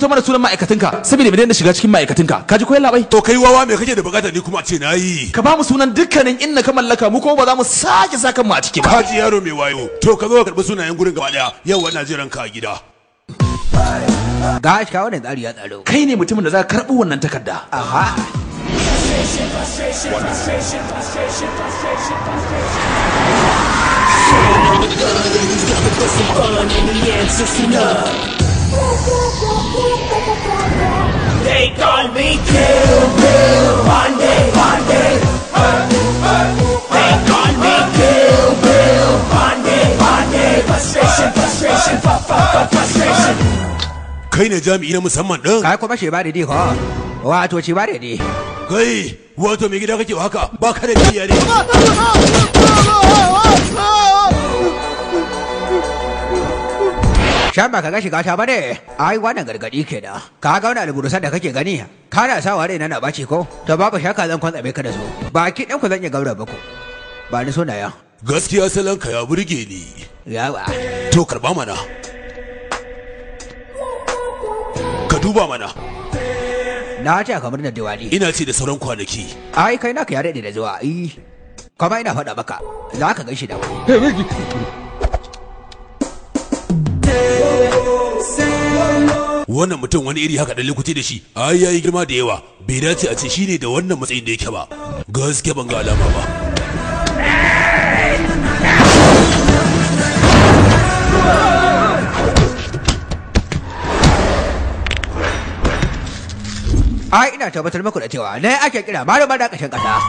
rubuta mana sunan ma'aikatanka saboda mu daina shiga cikin ma'aikatanka ka ji koyar labai to kai wawa me kake da bukata ni kuma a ce na yi ka ba mu sunan dukkanin inna ka mallaka mu kuma ba za mu sake sakan mu a ciki ba ka ji yaro mai wayo to ka zo ka karbi sunayen gurin gaba daya yau wannan jiran ka a gida gashi ka wani tsari ya tsaro kai ne mutumin da za ka karbi wannan takarda aha Got some fun and the answer's no kai ne jami'i na musamman ɗin. kai kuma ba da ko wato da dai kai wato mai gida kake haka ba ka da biya ne Shan ba ka ga shiga ta bane ai wannan gargadi da. ka ga wani alburusan da kake gani kana sawa ware na bace ko ba babu shaka zan kwantsa ka da su ki ɗan ku zan iya gaura ba ku ba ni so na yan. gaskiya salon ka ya burge ni yawa to karba mana duba mana na ce kamar na diwali ina ce da sauran kwanaki ai kai naka ya daɗe da zuwa ai kama ina faɗa maka za ka gaishe da wani wannan mutum wani iri haka da likuti da shi ai yayi girma da yawa bai dace a ce shine da wannan matsayin da yake ba gaske ban ga alama ba ai ina tabbatar maku da cewa na ake kira malamar da ƙashin ƙasa